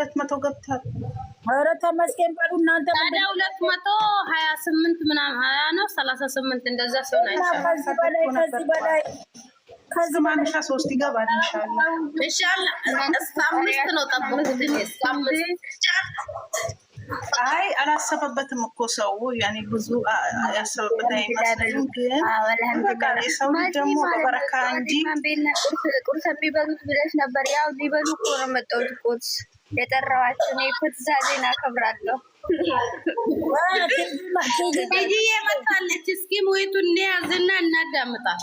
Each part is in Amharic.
ሁለት መቶ ገብቷል። ኧረ ተመስገን በሉ እናንተ። ታዲያ ሁለት መቶ ሀያ ስምንት ምናምን ሀያ ነው ሰላሳ ስምንት እንደዛ ሰው ከዚህ በላይ ከዚህ በላይ ከዚህ ማምሻ ሶስት ይገባል። ይሻላል እስከ አምስት ነው ጠብቁት። እስከ አምስት አይ አላሰበበትም እኮ ሰው ያኔ ብዙ ያሰበበት አይመስለኝም። ግን የሰው ልጅ ደግሞ በበረካ እንጂ ቁርስ የሚበሉት ብለሽ ነበር። ያው ሊበሉ እኮ ነው መጣሁት ቁርስ የጠራዋችሁ እኔ እኮ ትዕዛዜን አከብራለሁ። ቴዲዬ መጣለች። እስኪ ሙይቱ እንዲያዝና እናዳምጣል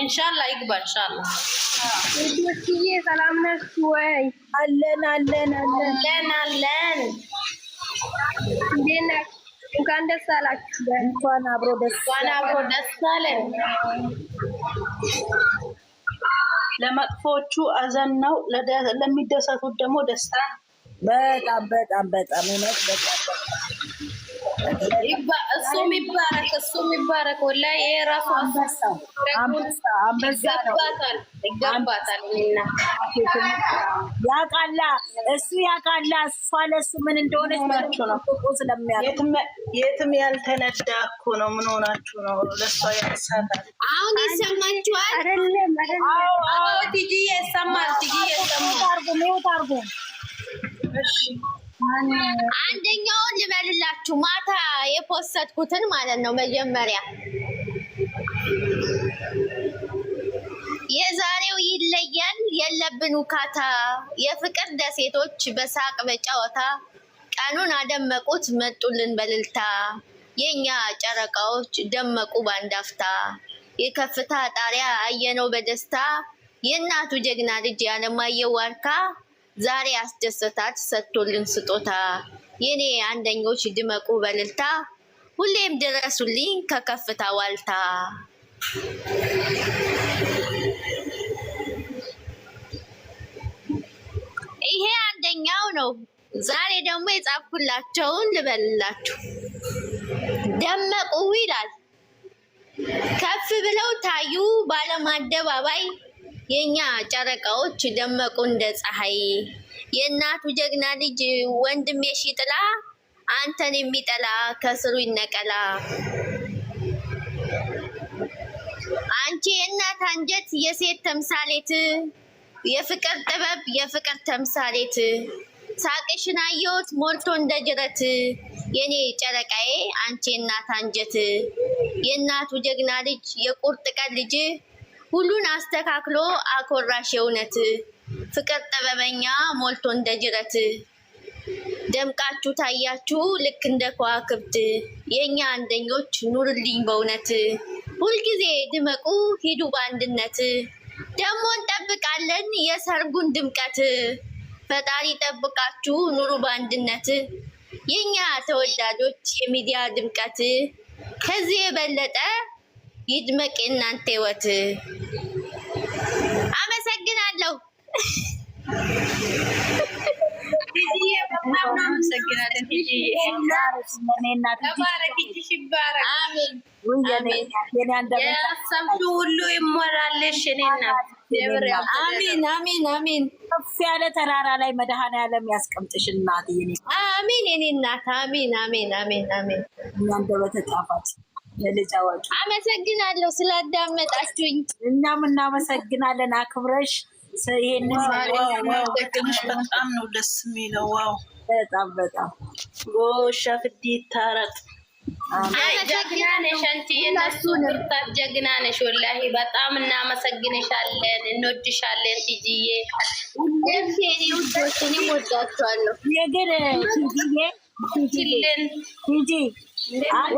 ኢንሻላ ይግባ። ኢንሻላ ዶችዬ ሰላም ናችሁ ወይ? አለን አለን አለን አለን። እንዴት ናችሁ? እንኳን ደስ አላችሁ። እንኳን አብሮ ደስ አብሮ ደስ አለን። ለመጥፎቹ አዘን ነው፣ ለሚደሰቱት ደግሞ ደስታ። በጣም በጣም በጣም እውነት በጣም እሱም ይባረክ፣ እሱም ይባረክ። ወላሂ ይሄ ራሱ ይገባታል፣ ይገባታል። ያውቃላ፣ እሱ ያውቃላ። እሷ ለእሱ ምን እንደሆነች የትም ያልተነዳ እኮ ነው። ምን ሆናችሁ ነው? ለእሷ ያሳታል። አሁን ይሰማችኋል። ትጂ ይሰማል። ትጂ ይሰማል። ታርጉ አንደኛውን ልበልላችሁ ማታ የፖሰትኩትን ማለት ነው። መጀመሪያ የዛሬው ይለያል። የለብን ውካታ የፍቅር ደሴቶች በሳቅ በጨዋታ ቀኑን አደመቁት መጡልን በልልታ የኛ ጨረቃዎች ደመቁ ባንዳፍታ የከፍታ ጣሪያ አየነው በደስታ የእናቱ ጀግና ልጅ ያለማየሁ ዋርካ ዛሬ አስደሰታች ሰጥቶልን ስጦታ። የኔ አንደኞች ድመቁ በልልታ፣ ሁሌም ድረሱልኝ ከከፍታ ዋልታ። ይሄ አንደኛው ነው። ዛሬ ደግሞ የጻፍኩላቸውን ልበልላችሁ። ደመቁ ይላል ከፍ ብለው ታዩ ባለማደባባይ አደባባይ የእኛ ጨረቃዎች ደመቁ እንደ ፀሐይ። የእናቱ ጀግና ልጅ ወንድሜ ሽጥላ አንተን የሚጠላ ከስሩ ይነቀላ። አንቺ የእናት አንጀት የሴት ተምሳሌት፣ የፍቅር ጥበብ የፍቅር ተምሳሌት። ሳቅሽን አየሁት ሞልቶ እንደ ጅረት፣ የኔ ጨረቃዬ አንቺ የእናት አንጀት የእናቱ ጀግና ልጅ የቁርጥ ቀን ልጅ ሁሉን አስተካክሎ አኮራሽ የእውነት ፍቅር ጥበበኛ ሞልቶ እንደ ጅረት ደምቃችሁ ታያችሁ ልክ እንደ ከዋክብት የእኛ አንደኞች ኑርልኝ በእውነት ሁልጊዜ ድመቁ ሂዱ በአንድነት ደግሞ እንጠብቃለን የሰርጉን ድምቀት ፈጣሪ ጠብቃችሁ ኑሩ በአንድነት የእኛ ተወዳጆች የሚዲያ ድምቀት ከዚህ የበለጠ ይድመቅ እናንተ ህይወት። አመሰግናለሁ። ከፍ ያለ ተራራ ላይ መድኃኔዓለም ያስቀምጥሽ እናት። አሜን የኔ እናት። አሜን አሜን አሜን አሜን። እናንተ የልጅ አዋቂ። አመሰግናለሁ ስላዳመጣችሁኝ። እኛም እናመሰግናለን አክብረሽ ይሄንን በጣም ነው ደስ የሚለው። ዋው በጣም በጣም ጎሻ ፍዲ ታረቅ ጀግና ነሽ ወላሂ፣ በጣም እናመሰግንሻለን፣ እንወድሻለን ወዳቸዋለሁ ትጂዬ። ሁሌም ወዳችኋለሁ።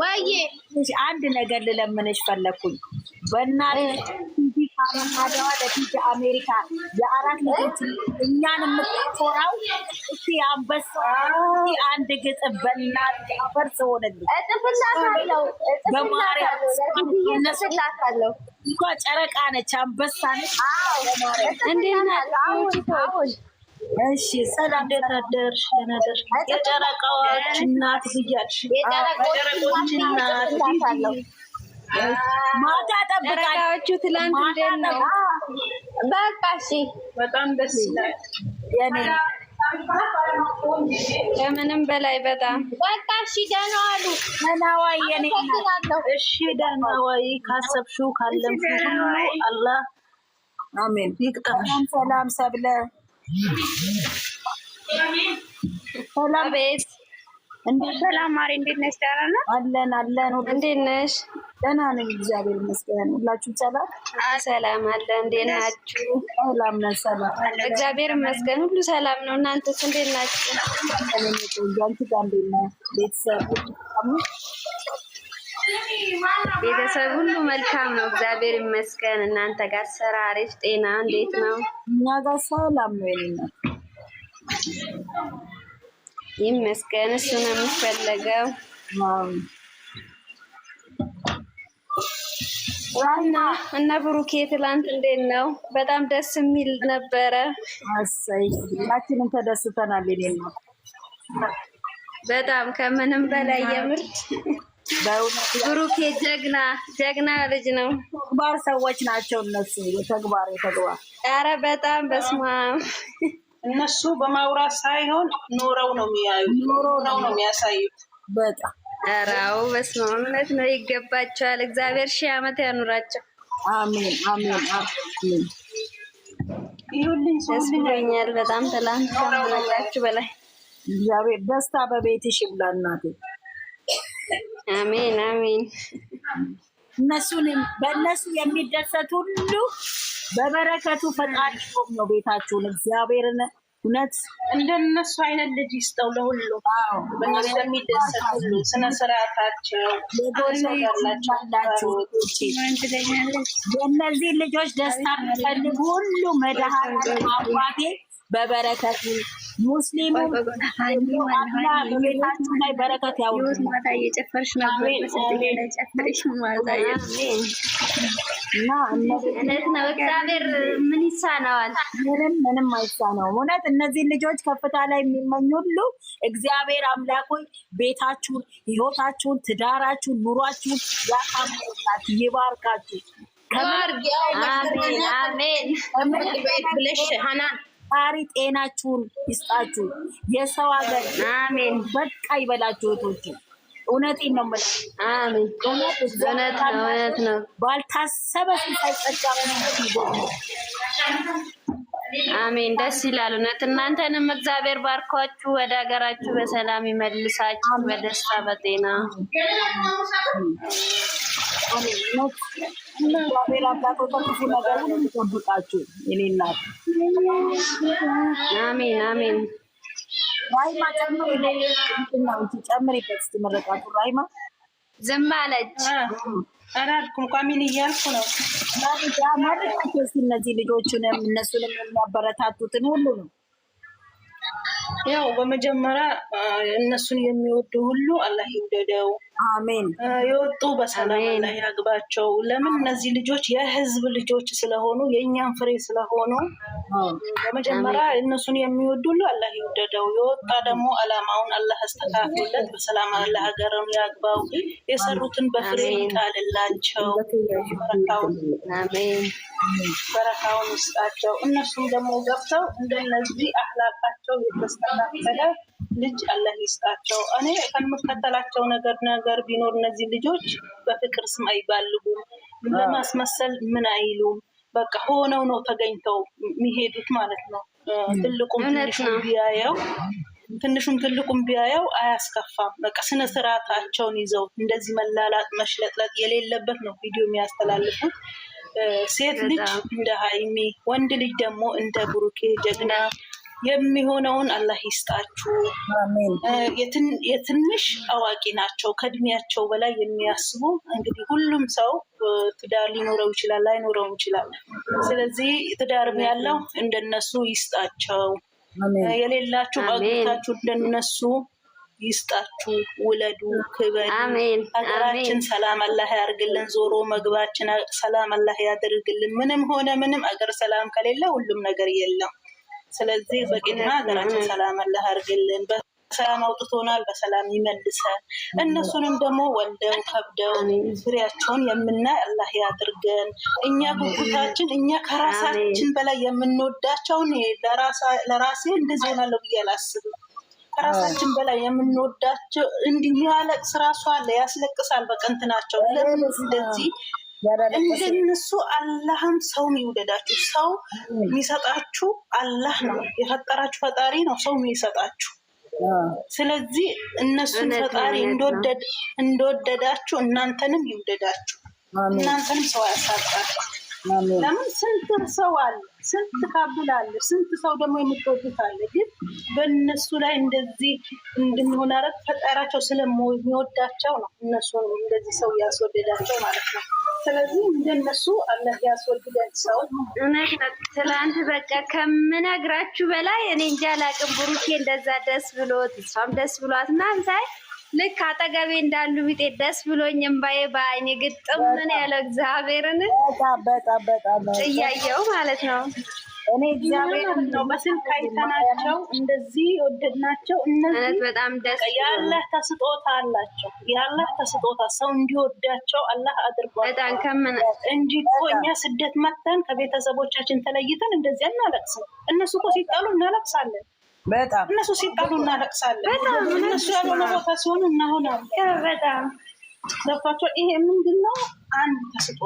ወይ አንድ ነገር ልለምንሽ ፈለኩኝ። በእናትሽ ካናዳዋ ለፊት አሜሪካ የአራት ልጆች እኛን የምትኮራው እስቲ አንበሳ አንድ ግጥ በእናትሽ አፈርስ ሆነልኝ። እጥፍላታለሁ እጥፍላታለሁ እኮ ጨረቃ ነች፣ አንበሳ ነች። እንዴት አሁን አሁን እሺ ሰላም፣ ደህና አደርሽ፣ ደህና አደርሽ። የጨረቃዎች እናት ብያለሽ። የጨረቃዎች እናት ማታ ጠብቃችሁ ትላንት እንደት ነው? በቃ እሺ፣ በጣም ደስ ይላል። የኔ ከምንም በላይ በጣም በቃ እሺ፣ ደህና ዋሉ። ደህና ዋይ የኔ እሺ፣ ደህና ዋይ። ካሰብሽው ካለምሽው አላህ አሜን ይቅጠምሽ። ሰላም ሰብለ ሰላም ቤት እንዴት ሰላም ማሪ፣ እንዴት ነሽ? ደህና ነው አለን አለን። እንዴት ነሽ? ደህና ነኝ እግዚአብሔር ይመስገን። ሁላችሁም ሰላም ሰላም አለ። እንዴት ናችሁ? ሰላም ነን። ሰላም እግዚአብሔር ይመስገን፣ ሁሉ ሰላም ነው። እናንተስ እንዴት ናችሁ? ቤተሰብ ቤተሰብ ሁሉ መልካም ነው፣ እግዚአብሔር ይመስገን። እናንተ ጋር ስራ አሪፍ፣ ጤና እንዴት ነው? እኛ ጋር ሰላም ነው ይመስገን። እሱ ነው የሚፈለገው። ዋና እነ ብሩኬ ትላንት እንዴት ነው? በጣም ደስ የሚል ነበረ። አሰይ ሁላችንም ተደስተናል። በጣም ከምንም በላይ የምርድ ብሩክ ጀግና ጀግና ልጅ ነው። ተግባር ሰዎች ናቸው እነሱ የተግባር የተግባር ኧረ በጣም በስመ እነሱ በማውራት ሳይሆን ኖረው ነው የሚያዩ ኖረው ነው የሚያሳዩት። በጣም ኧረ አዎ በስመ እውነት ነው። ይገባቸዋል። እግዚአብሔር ሺህ ዓመት ያኑራቸው። አሜን አሜን አሜን። ይሁንልኝ ሰውልኛል በጣም ትላንት ከምላችሁ በላይ እግዚአብሔር ደስታ በቤትሽ ይብላ እናቴ አሜን አሜን። እነሱን በእነሱ የሚደሰት ሁሉ በበረከቱ ፈጣሪ ነው። ቤታችሁን እግዚአብሔርን እውነት እንደነሱ አይነት ልጅ ይስጠው ለሁሉ በእነሱ የሚደሰት ሁሉ ስነ ስርዓታቸው ላቸው የእነዚህ ልጆች ደስታ የሚፈልግ ሁሉ መድኃኒዓለም አባቴ በበረከት ሙስሊሙ ቤታችሁ ላይ በረከት ያውጣ። ነው። ምን ይሳነዋል? ምንም ምንም አይሳነውም። እውነት እነዚህን ልጆች ከፍታ ላይ የሚመኙ ሁሉ እግዚአብሔር አምላክ ቤታችሁን፣ ህይወታችሁን፣ ትዳራችሁን፣ ኑሯችሁን ያሳምርላችሁ፣ ይባርካችሁ። አሜን አሜን። ጣሪ ጤናችሁን ይስጣችሁ። የሰው ሀገር አሜን። በቃ ይበላችሁ እህቶች፣ እውነቴን ነው የምልህ። እውነት ነው፣ ባልታሰበ ሲሳይ ጸጋ አሜን። ደስ ይላል እውነት። እናንተንም እግዚአብሔር ባርኳችሁ ወደ ሀገራችሁ በሰላም ይመልሳችሁ በደስታ በጤና። አሜን አሜን። ራይማ ጨምሪበት ራይማ ዝም አለች። አላልኩም ቋሚን እያልኩ ነው ማድረግ ናቸው እነዚህ ልጆቹንም እነሱንም የሚያበረታቱትን ሁሉ ነው ያው በመጀመሪያ እነሱን የሚወዱ ሁሉ አላህ ይውደደው። አሜን። የወጡ በሰላም አላህ ያግባቸው። ለምን እነዚህ ልጆች የህዝብ ልጆች ስለሆኑ የእኛን ፍሬ ስለሆኑ በመጀመሪያ እነሱን የሚወዱ ሁሉ አላህ ይውደደው። የወጣ ደግሞ አላማውን አላህ አስተካክሎለት በሰላም አላህ ሀገርም ያግባው። የሰሩትን በፍሬ ይጣልላቸው። በረካውን ውስጣቸው እነሱም ደግሞ ገብተው እንደነዚህ አህላቃቸው የተስ ልጅ አላህ ይስጣቸው። እኔ ከምከተላቸው ነገር ነገር ቢኖር እነዚህ ልጆች በፍቅር ስም አይባልጉም፣ ለማስመሰል ምን አይሉም። በቃ ሆነው ነው ተገኝተው የሚሄዱት ማለት ነው። ትልቁም ትንሹም ቢያየው ትንሹም ትልቁም ቢያየው አያስከፋም። በቃ ስነ ስርዓታቸውን ይዘው እንደዚህ መላላጥ መሽለጥለጥ የሌለበት ነው ቪዲዮ የሚያስተላልፉት። ሴት ልጅ እንደ ሀይሚ፣ ወንድ ልጅ ደግሞ እንደ ብሩኬ ጀግና የሚሆነውን አላህ ይስጣችሁ። የትንሽ አዋቂ ናቸው፣ ከእድሜያቸው በላይ የሚያስቡ እንግዲህ ሁሉም ሰው ትዳር ሊኖረው ይችላል፣ ላይኖረውም ይችላል። ስለዚህ ትዳርም ያለው እንደነሱ ይስጣቸው፣ የሌላችሁ አግኝታችሁ እንደነሱ ይስጣችሁ። ውለዱ፣ ክበዱ። ሀገራችን ሰላም አላህ ያርግልን። ዞሮ መግባችን ሰላም አላህ ያደርግልን። ምንም ሆነ ምንም አገር ሰላም ከሌለ ሁሉም ነገር የለም። ስለዚህ በቂና ሀገራችን ሰላም አላህ አድርግልን። በሰላም አውጥቶናል፣ በሰላም ይመልሰን። እነሱንም ደግሞ ወልደው ከብደው ፍሬያቸውን የምናይ አላህ ያድርገን። እኛ ጉጉታችን እኛ ከራሳችን በላይ የምንወዳቸውን ለራሴ እንደዚህ ሆናለሁ ብዬ አላስብም። ከራሳችን በላይ የምንወዳቸው እንዲህ ያለቅስ ራሷ አለ ያስለቅሳል። በቀንት ናቸው ለምን እንደዚህ እንደነሱ አላህም ሰው ይውደዳችሁ። ሰው የሚሰጣችሁ አላህ ነው የፈጠራችሁ ፈጣሪ ነው ሰው የሚሰጣችሁ። ስለዚህ እነሱን ፈጣሪ እንደወደዳችሁ እናንተንም ይውደዳችሁ። እናንተንም ሰው ያሳጣችሁ። ለምን ስንት ሰው አለ፣ ስንት ካብል አለ፣ ስንት ሰው ደግሞ የምትወዱት አለ። ግን በእነሱ ላይ እንደዚህ እንድንሆን አረግ ፈጣሪያቸው ስለሚወዳቸው ነው እነሱ እንደዚህ ሰው ያስወደዳቸው ማለት ነው። ስለዚህ እንደነሱ አለ ያስወድደን ሰው። እውነት ትላንት በቃ ከምነግራችሁ በላይ እኔ እንጃ አላቅም። ብሩኬ እንደዛ ደስ ብሎት እሷም ደስ ብሏት ምናምን ሳይ ልክ አጠገቤ እንዳሉ ቢጤ ደስ ብሎኝ እምባዬ በአይኔ ግጥም ምን ያለው እግዚአብሔርን እያየው ማለት ነው። እኔ እግዚአብሔር ነው በስልክ አይተናቸው እንደዚህ ወደድናቸው። እነዚህ በጣም ደስ የአላህ ተስጦታ አላቸው። የአላህ ተስጦታ ሰው እንዲወዳቸው አላህ አድርጓል። በጣም ከምን እንጂ እኮ እኛ ስደት መተን ከቤተሰቦቻችን ተለይተን እንደዚህ እናለቅስም። እነሱ እኮ ሲጣሉ እናለቅሳለን። በጣም እነሱ ሲጣሉ እናለቅሳለን። እነሱ ያልሆነ ቦታ ሲሆን እናሆናለን። በጣም ገብቷቸው ይሄ ምንድን ነው? አንድ ተስጦ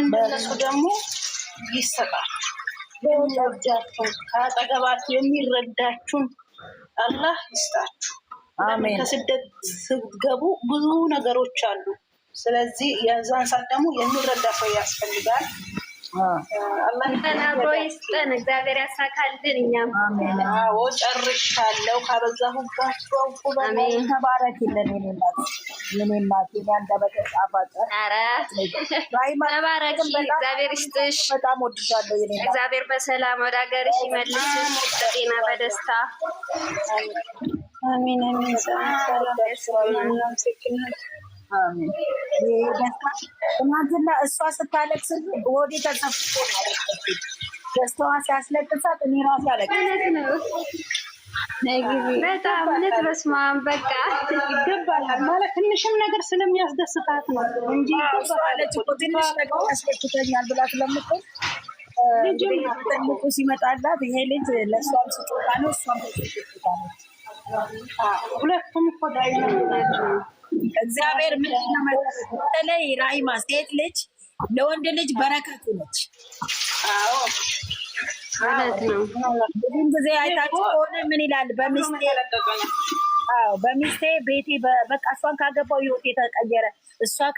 እንደነሱ ደግሞ ይሰጣል የሚወዳችሁን ከአጠገባት የሚረዳችሁን አላህ ይስጣችሁ። ከስደት ስትገቡ ብዙ ነገሮች አሉ። ስለዚህ የዛን ሰዓት ደግሞ የሚረዳ ሰው ያስፈልጋል። አላህ ይስጠን፣ እግዚአብሔር ያሳካልን። እኛም አዎ ጨርሻለሁ። ካበዛሁባችሁ ተባረክልን። የኔ እናት እግዚአብሔር ይስጥሽ። በጣም ወድሻለሁ። እግዚአብሔር በሰላም ወደ ሀገርሽ ይመልስሽ በጤና በደስታ አሚን አሚን። ሰላም ሰላም ትናንትና እሷ ስታለቅስ ወዴ ተሰፍቶ ደስታዋ ሲያስለቅሳት እኔ ራሴ በጣም እውነት በስመ በቃ ይገባላል ማለት ትንሽም ነገር ስለሚያስደስታት ነው እንጂ ትንሽ ነገር ያስደስተኛል ብላ ስለምትል ልጁ ሲመጣላት ይሄ ልጅ ለእሷም ስጦታ ነው፣ እሷም ስጦታ ነው። ሁለቱም እኮ ዳይ ናቸው እግዚአብሔር ምንድነው በተለይ ራይማ ሴት ልጅ ለወንድ ልጅ በረከቱ ነች። ብዙም ጊዜ አይታችሁ ከሆነ ምን ይላል በሚስቴ ቤቴ በቃ እሷን ካገባው ህይወት የተቀየረ እሷ